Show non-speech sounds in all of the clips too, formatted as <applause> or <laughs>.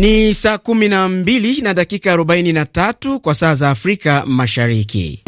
Ni saa 12 na dakika 43 kwa saa za Afrika Mashariki.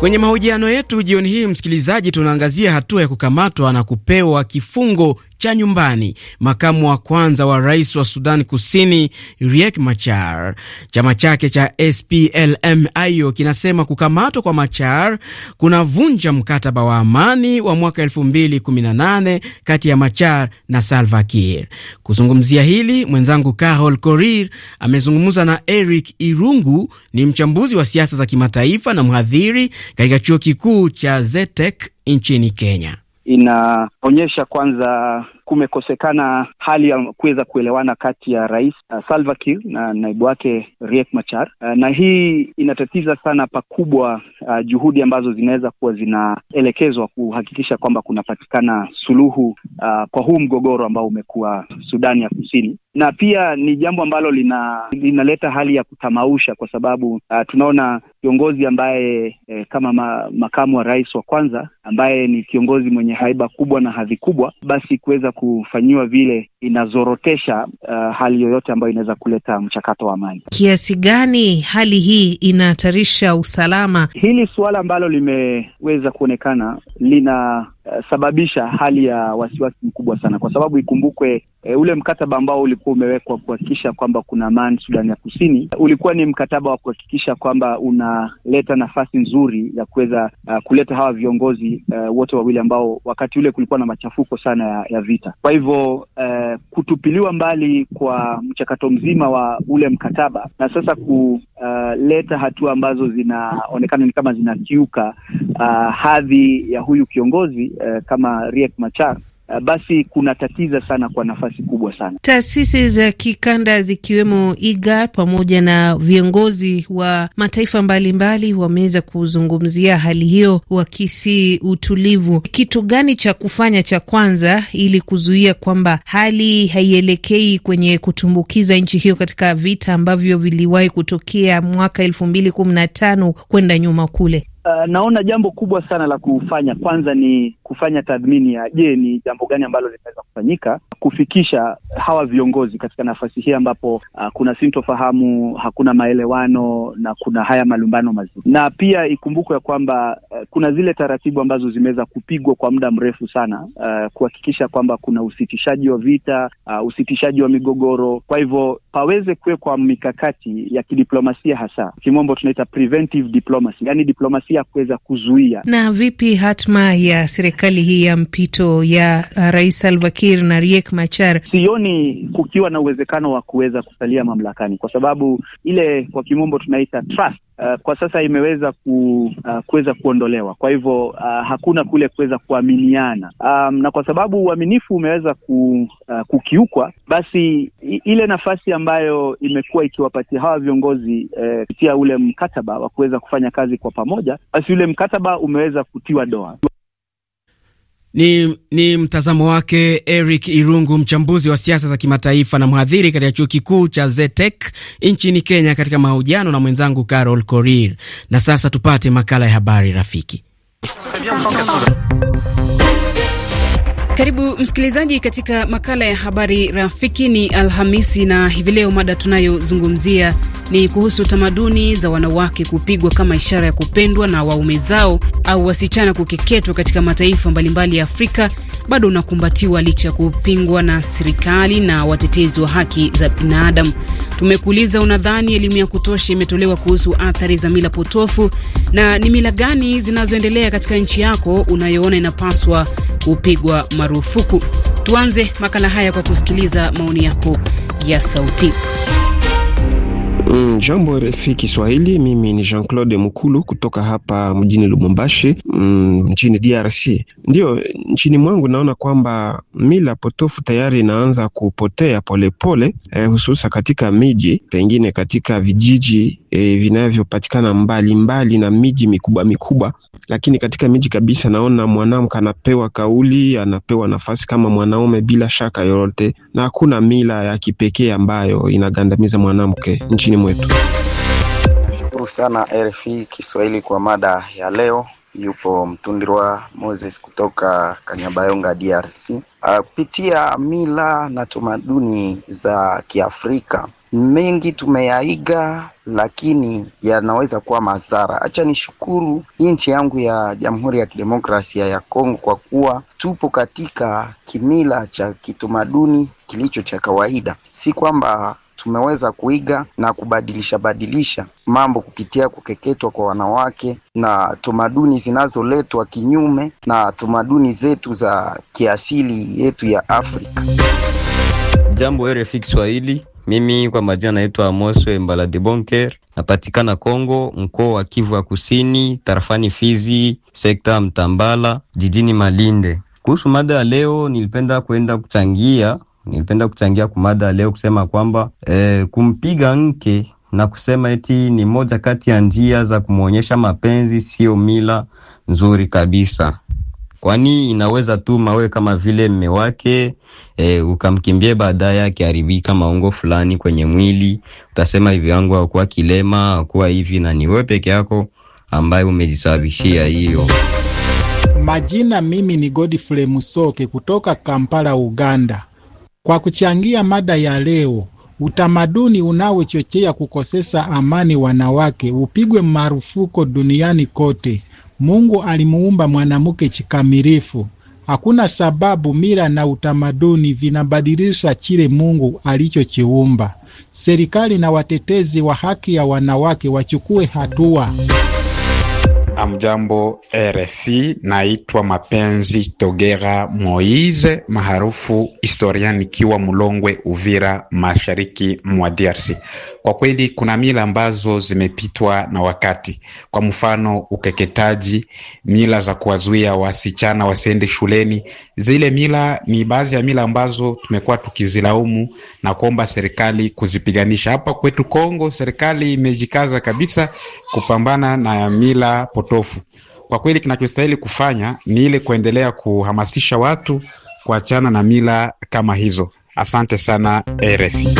Kwenye mahojiano yetu jioni hii, msikilizaji, tunaangazia hatua ya kukamatwa na kupewa kifungo cha nyumbani makamu wa kwanza wa rais wa Sudan Kusini Riek Machar. Chama chake cha SPLM-IO kinasema kukamatwa kwa Machar kunavunja mkataba wa amani wa mwaka 2018 kati ya Machar na Salva Kiir. Kuzungumzia hili, mwenzangu Carol Korir amezungumza na Eric Irungu, ni mchambuzi wa siasa za kimataifa na mhadhiri katika chuo kikuu cha ztec nchini Kenya inaonyesha kwanza kumekosekana hali ya kuweza kuelewana kati ya rais uh, Salva Kiir na naibu wake Riek Machar uh, na hii inatatiza sana pakubwa uh, juhudi ambazo zinaweza kuwa zinaelekezwa kuhakikisha kwamba kunapatikana suluhu uh, kwa huu mgogoro ambao umekuwa Sudani ya Kusini na pia ni jambo ambalo lina linaleta hali ya kutamausha kwa sababu uh, tunaona kiongozi ambaye eh, kama ma, makamu wa rais wa kwanza ambaye ni kiongozi mwenye haiba kubwa na hadhi kubwa, basi kuweza kufanyiwa vile inazorotesha uh, hali yoyote ambayo inaweza kuleta mchakato wa amani. Kiasi gani hali hii inahatarisha usalama? Hili suala ambalo limeweza kuonekana lina eh, sababisha hali ya wasiwasi mkubwa sana, kwa sababu ikumbukwe E, ule mkataba ambao ulikuwa umewekwa kuhakikisha kwamba kuna amani Sudani ya Kusini ulikuwa ni mkataba wa kuhakikisha kwamba unaleta nafasi nzuri ya kuweza uh, kuleta hawa viongozi uh, wote wawili ambao wakati ule kulikuwa na machafuko sana ya, ya vita. Kwa hivyo uh, kutupiliwa mbali kwa mchakato mzima wa ule mkataba na sasa kuleta uh, hatua ambazo zinaonekana ni kama zinakiuka uh, hadhi ya huyu kiongozi uh, kama Riek Machar Eh, basi kuna tatiza sana kwa nafasi kubwa sana. Taasisi za kikanda zikiwemo IGAD pamoja na viongozi wa mataifa mbalimbali wameweza kuzungumzia hali hiyo, wakisi utulivu. Kitu gani cha kufanya cha kwanza ili kuzuia kwamba hali haielekei kwenye kutumbukiza nchi hiyo katika vita ambavyo viliwahi kutokea mwaka elfu mbili kumi na tano kwenda nyuma kule? Uh, naona jambo kubwa sana la kufanya kwanza ni kufanya tathmini ya je, ni jambo gani ambalo linaweza kufanyika kufikisha hawa viongozi katika nafasi hii ambapo uh, kuna sintofahamu, hakuna maelewano na kuna haya malumbano mazito, na pia ikumbukwe ya kwamba uh, kuna zile taratibu ambazo zimeweza kupigwa kwa muda mrefu sana uh, kuhakikisha kwamba kuna usitishaji wa vita uh, usitishaji wa migogoro. Kwa hivyo paweze kuwekwa mikakati ya kidiplomasia, hasa kimombo tunaita preventive diplomacy, yani diplomasi pia kuweza kuzuia. Na vipi hatma ya serikali hii ya mpito ya uh, Rais Salva Kiir na Riek Machar? Sioni kukiwa na uwezekano wa kuweza kusalia mamlakani, kwa sababu ile kwa kimombo tunaita trust Eh, kwa sasa imeweza ku, uh, kuweza kuondolewa. Kwa hivyo uh, hakuna kule kuweza kuaminiana um, na kwa sababu uaminifu umeweza ku, uh, kukiukwa, basi ile nafasi ambayo imekuwa ikiwapatia hawa viongozi kupitia uh, ule mkataba wa kuweza kufanya kazi kwa pamoja, basi ule mkataba umeweza kutiwa doa. Ni, ni mtazamo wake Eric Irungu, mchambuzi wa siasa za kimataifa na mhadhiri katika chuo kikuu cha ztec nchini Kenya, katika mahojiano na mwenzangu Carol Korir. Na sasa tupate makala ya habari rafiki karibu msikilizaji katika makala ya habari rafiki. Ni Alhamisi na hivi leo mada tunayozungumzia ni kuhusu tamaduni za wanawake kupigwa kama ishara ya kupendwa na waume zao au wasichana kukeketwa katika mataifa mbalimbali ya Afrika bado unakumbatiwa licha ya kupingwa na serikali na watetezi wa haki za binadamu. Tumekuuliza, unadhani elimu ya kutosha imetolewa kuhusu athari za mila potofu, na ni mila gani zinazoendelea katika nchi yako unayoona inapaswa kupigwa marufuku. Tuanze makala haya kwa kusikiliza maoni yako ya sauti. Jambo RFI Kiswahili, mimi ni Jean Claude Mukulu kutoka hapa mjini Lubumbashi mm, nchini mm, DRC. Ndiyo, nchini mwangu naona kwamba mila potofu tayari inaanza kupotea polepole pole, eh, hususa katika miji pengine katika vijiji eh, vinavyopatikana mbalimbali na miji mikubwa mikubwa, lakini katika miji kabisa naona mwanamke anapewa kauli, anapewa nafasi kama mwanaume bila shaka yoyote, na hakuna mila ya kipekee ambayo inagandamiza mwanamke nchini mwetu. Nashukuru sana RFI Kiswahili kwa mada ya leo. Yupo Mtundirwa Moses kutoka Kanyabayonga, DRC. Ah, kupitia mila na tamaduni za Kiafrika mengi tumeyaiga, lakini yanaweza kuwa madhara. Acha nishukuru nchi yangu ya Jamhuri ya Kidemokrasia ya Kongo kwa kuwa tupo katika kimila cha kitamaduni kilicho cha kawaida, si kwamba tumeweza kuiga na kubadilisha badilisha mambo kupitia kukeketwa kwa wanawake na tamaduni zinazoletwa kinyume na tamaduni zetu za kiasili yetu ya Afrika. Jambo RFI Kiswahili, mimi kwa majina naitwa Amoswe Mbalade Bonker, napatikana Kongo, mkoa wa Kivu ya Kusini, tarafani Fizi, sekta Mtambala, jijini Malinde. Kuhusu mada ya leo, nilipenda kwenda kuchangia Nilipenda kuchangia kumada leo kusema kwamba e, kumpiga mke na kusema eti ni moja kati ya njia za kumwonyesha mapenzi sio mila nzuri kabisa, kwani inaweza tu mawe kama vile mme wake e, ukamkimbie baadaye akiharibika maungo fulani kwenye mwili, utasema hivi yangu akuwa kilema akuwa hivi, na ni wewe peke yako ambaye umejisababishia hiyo. Majina, mimi ni Godfrey Musoke kutoka Kampala, Uganda. Kwa kuchangia mada ya leo, utamaduni unaochochea kukosesa amani wanawake upigwe marufuko duniani kote. Mungu alimuumba mwanamke chikamilifu. Hakuna sababu mila na utamaduni vinabadilisha chile Mungu alichochiumba. Serikali na watetezi wa haki ya wanawake wachukue hatua. Amjambo RFI, naitwa Mapenzi Togera Moise, maarufu historia, nikiwa Mulongwe, Uvira, mashariki mwa DRC. Kwa kweli kuna mila ambazo zimepitwa na wakati, kwa mfano ukeketaji, mila za kuwazuia wasichana wasiende shuleni. Zile mila ni baadhi ya mila ambazo tumekuwa tukizilaumu na kuomba serikali kuzipiganisha. Hapa kwetu Kongo, serikali imejikaza kabisa kupambana na mila potofu. Kwa kweli kinachostahili kufanya ni ile kuendelea kuhamasisha watu kuachana na mila kama hizo. Asante sana RFI.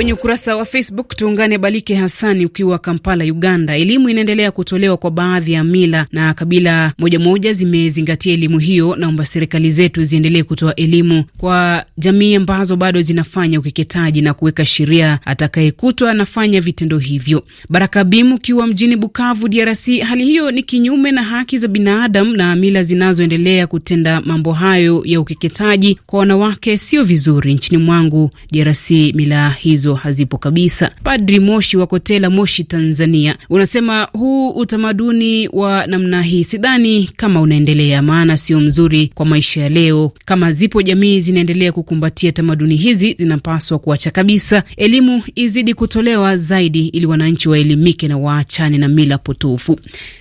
Kwenye ukurasa wa Facebook tuungane Balike Hasani ukiwa Kampala, Uganda. Elimu inaendelea kutolewa kwa baadhi ya mila na kabila moja moja zimezingatia elimu hiyo. Naomba serikali zetu ziendelee kutoa elimu kwa jamii ambazo bado zinafanya ukeketaji na kuweka sheria atakayekutwa anafanya vitendo hivyo. Baraka Bimu ukiwa mjini Bukavu, DRC. Hali hiyo ni kinyume na haki za binadamu na mila zinazoendelea kutenda mambo hayo ya ukeketaji kwa wanawake sio vizuri. Nchini mwangu DRC mila hizo hizo hazipo kabisa. Padri Moshi wa Kotela, Moshi, Tanzania, unasema huu utamaduni wa namna hii sidhani kama unaendelea, maana sio mzuri kwa maisha ya leo. Kama zipo jamii zinaendelea kukumbatia tamaduni hizi, zinapaswa kuacha kabisa. Elimu izidi kutolewa zaidi, ili wananchi waelimike na waachane na mila potofu.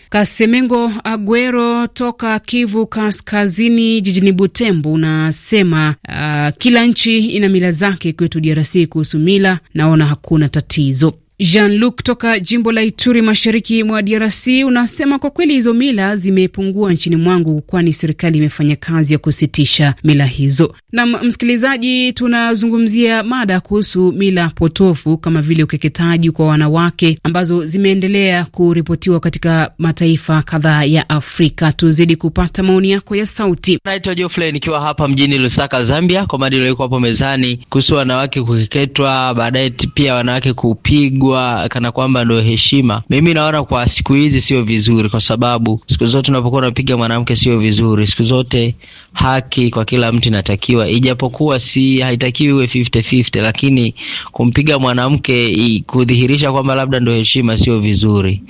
Kasemengo Aguero toka Kivu Kaskazini jijini Butembo unasema uh, kila nchi ina mila zake. Kwetu DRC kuhusu mila, naona hakuna tatizo. Jean Luc toka jimbo la Ituri mashariki mwa DRC unasema kwa kweli hizo mila zimepungua nchini mwangu, kwani serikali imefanya kazi ya kusitisha mila hizo. Na msikilizaji, tunazungumzia mada kuhusu mila potofu kama vile ukeketaji kwa wanawake ambazo zimeendelea kuripotiwa katika mataifa kadhaa ya Afrika. Tuzidi kupata maoni yako ya sauti. Naitwa jofle nikiwa hapa mjini Lusaka, Zambia, kwa mada iliyokuwa hapo mezani kuhusu wanawake kukeketwa, baadaye pia wanawake kupigwa kuchukua kana kwamba ndio heshima. Mimi naona kwa siku hizi sio vizuri, kwa sababu siku zote unapokuwa unapiga mwanamke sio vizuri. Siku zote haki kwa kila mtu inatakiwa, ijapokuwa si haitakiwi iwe 50-50, lakini kumpiga mwanamke kudhihirisha kwamba labda ndio heshima sio vizuri.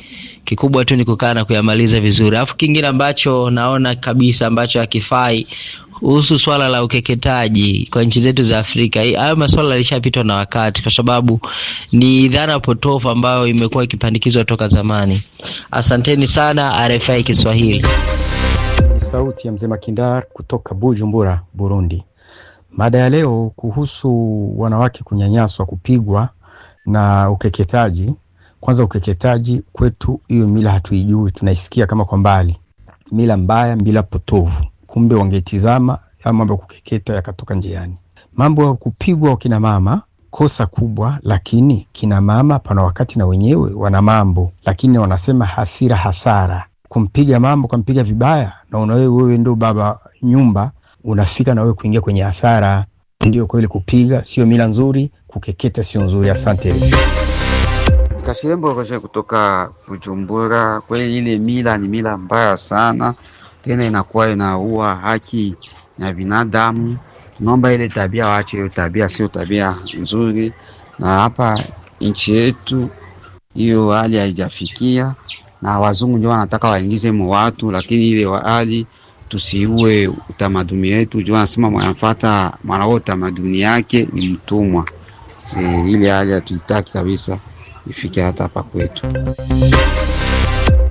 Kikubwa tu ni kukaa na kuyamaliza vizuri. Alafu kingine ambacho naona kabisa ambacho hakifai kuhusu swala la ukeketaji kwa nchi zetu za Afrika, hayo maswala yalishapitwa na wakati, kwa sababu ni dhana potofu ambayo imekuwa ikipandikizwa toka zamani. Asanteni sana RFI Kiswahili. Sauti ya mzee Makindar kutoka Bujumbura, Burundi. Mada ya leo kuhusu wanawake kunyanyaswa, kupigwa na ukeketaji. Kwanza, ukeketaji kwetu, hiyo mila hatuijui, tunaisikia kama kwa mbali, mila mbaya, mila potovu kumbe wangetizama ya mambo ya kukeketa yakatoka njiani. Mambo ya kupigwa wakina mama kosa kubwa, lakini kina mama pana wakati na wenyewe wana mambo, lakini wanasema hasira hasara. Kumpiga mambo kampiga vibaya, na unawe wewe ndo baba nyumba, unafika na wewe kuingia kwenye hasara. Ndio kweli, kupiga sio mila nzuri, kukeketa sio nzuri. Asante. Kashembo Roje kutoka kujumbura Kweli ile mila ni mila mbaya sana tena inakuwa inaua haki ya binadamu. Naomba ile tabia waache, hiyo tabia sio tabia nzuri, na hapa nchi yetu hiyo hali haijafikia, na wazungu ndio wanataka waingize mu watu, lakini ile hali tusiue utamaduni wetu. Juu anasema mwanafata mwanao utamaduni yake ni mtumwa. E, ile hali hatuitaki kabisa ifike hata hapa kwetu.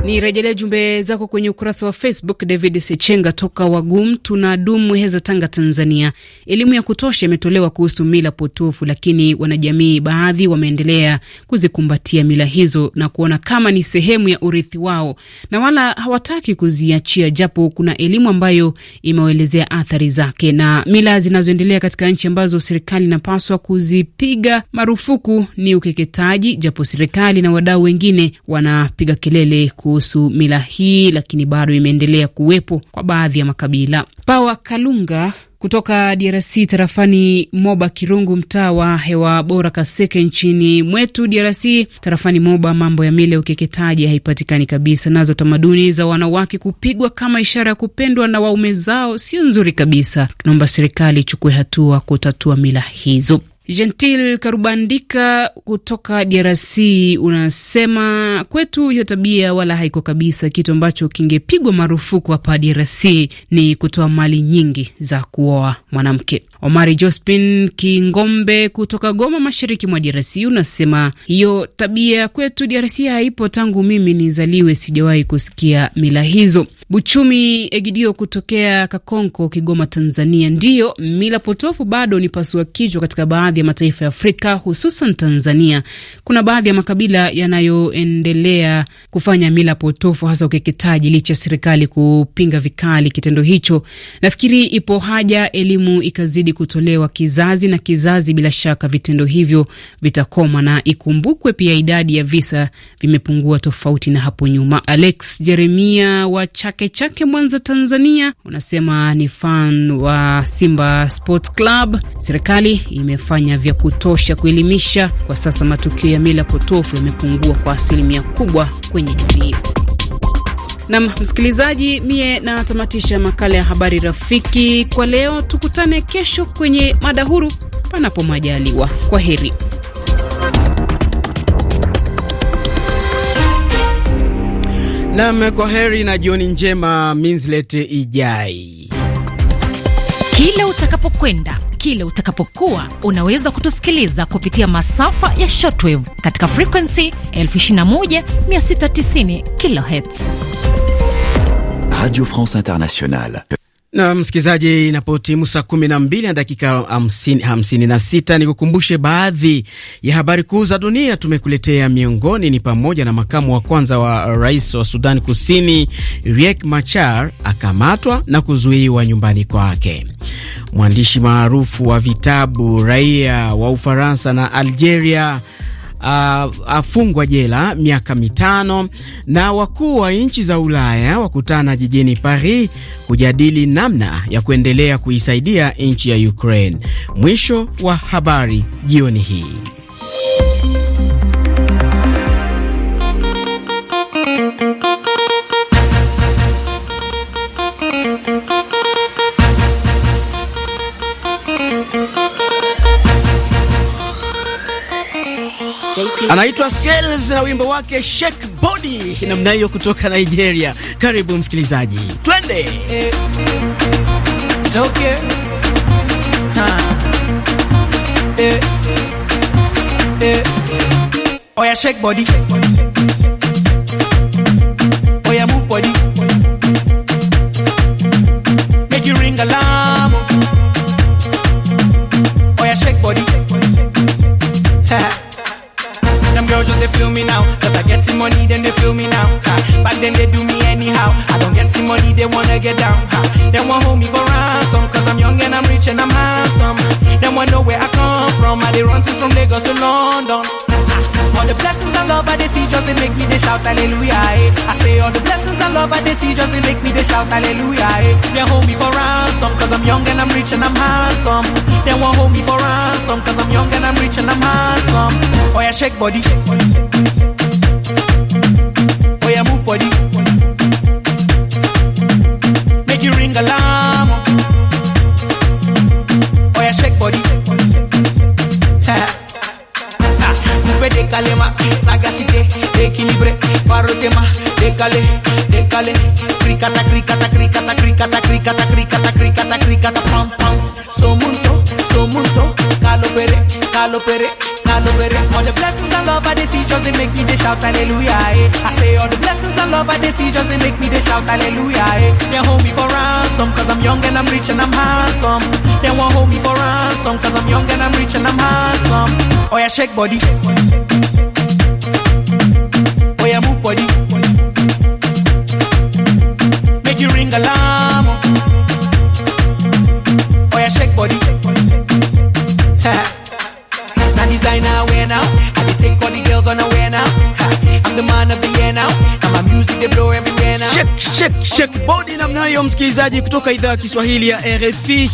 Ni rejelea jumbe zako kwenye ukurasa wa Facebook. David Sechenga toka Wagum tuna dumu Heza, Tanga, Tanzania. Elimu ya kutosha imetolewa kuhusu mila potofu, lakini wanajamii baadhi wameendelea kuzikumbatia mila hizo na kuona kama ni sehemu ya urithi wao na wala hawataki kuziachia, japo kuna elimu ambayo imewaelezea athari zake na mila zinazoendelea katika nchi ambazo serikali inapaswa kuzipiga marufuku ni ukeketaji, japo serikali na wadau wengine wanapiga kelele ku kuhusu mila hii, lakini bado imeendelea kuwepo kwa baadhi ya makabila. Pawa Kalunga kutoka DRC tarafani Moba Kirungu, mtaa wa hewa bora Kaseke nchini mwetu DRC tarafani Moba, mambo ya mila ukeketaji haipatikani kabisa, nazo tamaduni za wanawake kupigwa kama ishara ya kupendwa na waume zao sio nzuri kabisa. Tunaomba serikali ichukue hatua kutatua mila hizo. Gentil Karubandika kutoka DRC unasema kwetu hiyo tabia wala haiko kabisa. Kitu ambacho kingepigwa marufuku hapa DRC ni kutoa mali nyingi za kuoa mwanamke. Omari Jospin Kingombe kutoka Goma, mashariki mwa DRC unasema hiyo tabia kwetu DRC haipo, tangu mimi nizaliwe sijawahi kusikia mila hizo. Buchumi Egidio kutokea Kakonko, Kigoma, Tanzania. Ndiyo, mila potofu bado ni pasua kichwa katika baadhi ya mataifa ya Afrika, hususan Tanzania. Kuna baadhi ya makabila yanayoendelea kufanya mila potofu, hasa ukeketaji, licha ya serikali kupinga vikali kitendo hicho. Nafikiri ipo haja elimu ikazidi kutolewa kizazi na kizazi. Bila shaka vitendo hivyo vitakoma, na ikumbukwe pia idadi ya visa vimepungua tofauti na hapo nyuma. Alex Jeremia wa Chak chake chake Mwanza, Tanzania, unasema ni fan wa Simba Sports Club. Serikali imefanya vya kutosha kuelimisha. Kwa sasa matukio ya mila potofu yamepungua kwa asilimia kubwa kwenye jamii. Nam msikilizaji, mie natamatisha makala ya habari rafiki kwa leo. Tukutane kesho kwenye mada huru, panapo majaliwa. Kwa heri. Nam, kwa heri na jioni njema. Minslet Ijai. Kile utakapokwenda kile utakapokuwa unaweza kutusikiliza kupitia masafa ya shortwave katika frequency 21690 kilohertz. Radio France Internationale. Na msikilizaji, inapotimu saa kumi na mbili na dakika hamsini na sita ni kukumbushe baadhi ya habari kuu za dunia tumekuletea. Miongoni ni pamoja na makamu wa kwanza wa rais wa Sudan Kusini Riek Machar akamatwa na kuzuiwa nyumbani kwake. Mwandishi maarufu wa vitabu raia wa Ufaransa na Algeria afungwa jela miaka mitano. Na wakuu wa nchi za Ulaya wakutana jijini Paris kujadili namna ya kuendelea kuisaidia nchi ya Ukraine. Mwisho wa habari jioni hii. Anaitwa Skels na wimbo wake Shake Body, namna hiyo kutoka Nigeria. Karibu msikilizaji, twende okay. eh, eh. Oya shake body, oya move body see money, then they feel me now. Ha. Back then they do me anyhow. I don't get see money, they wanna get down. Ha. They want hold me for ransom, cause I'm young and I'm rich and I'm handsome. They want to know where I come from. I they run since from Lagos to London. All the blessings and love I they see just they make me they shout hallelujah. Eh. I say all the blessings and love I they see just they make me they shout hallelujah. Eh. They hold me for ransom cause I'm young and I'm rich and I'm handsome. They won't hold me for ransom cause I'm young and I'm rich and I'm handsome. Oh yeah, shake body. Shake, body, shake, shake. body. Make you ring alarm. Oh yeah, shake body. Kupede <laughs> kalema. efficacité, équilibré, farotema, décalé, décalé, cricata, cricata, cricata, cricata, cricata, cricata, cricata, cricata, pam, pam, So so somunto, somunto, calopere, calopere, calopere, all the blessings and love I they just they make me they shout hallelujah, eh. I say all the blessings and love I they just they make me they shout hallelujah, eh. They hold me for ransom cause I'm young and I'm rich and I'm handsome. They won't hold me for ransom cause I'm young and I'm rich and I'm handsome. Oh yeah, shake body. Shake body, shake body. way Make you ring alarm. Oh, shake body. designer wear now. I take all the girls on a wear now. I'm the man of the year now. And my music they blow everywhere now. Shake, shake, shake body namna hiyo, msikilizaji kutoka idhaa ya Kiswahili ya RFI.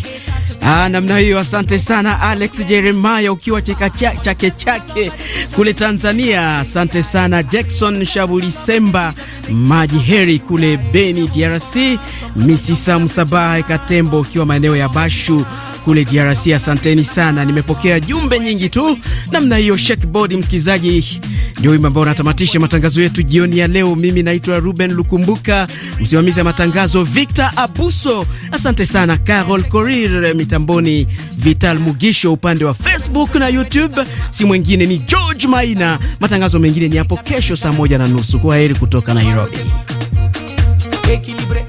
Ah, namna hiyo. Asante sana Alex Jeremiah ukiwa cheka cha, chake chake kule Tanzania. Asante sana Jackson Shabulisemba Maji Heri kule Beni, DRC. Misisa Msabaha Katembo, ukiwa maeneo ya Bashu kule DRC, asanteni sana. Nimepokea jumbe nyingi tu namna hiyo. Shekbod msikilizaji, ndio wimbo ambao unatamatisha matangazo yetu jioni ya leo. Mimi naitwa Ruben Lukumbuka, msimamizi wa matangazo Victor Abuso, asante sana. Carol Korir mitamboni, Vital Mugisho upande wa Facebook na YouTube, si mwingine ni George Maina. Matangazo mengine ni hapo kesho saa moja na nusu. Kwa heri kutoka na Nairobi.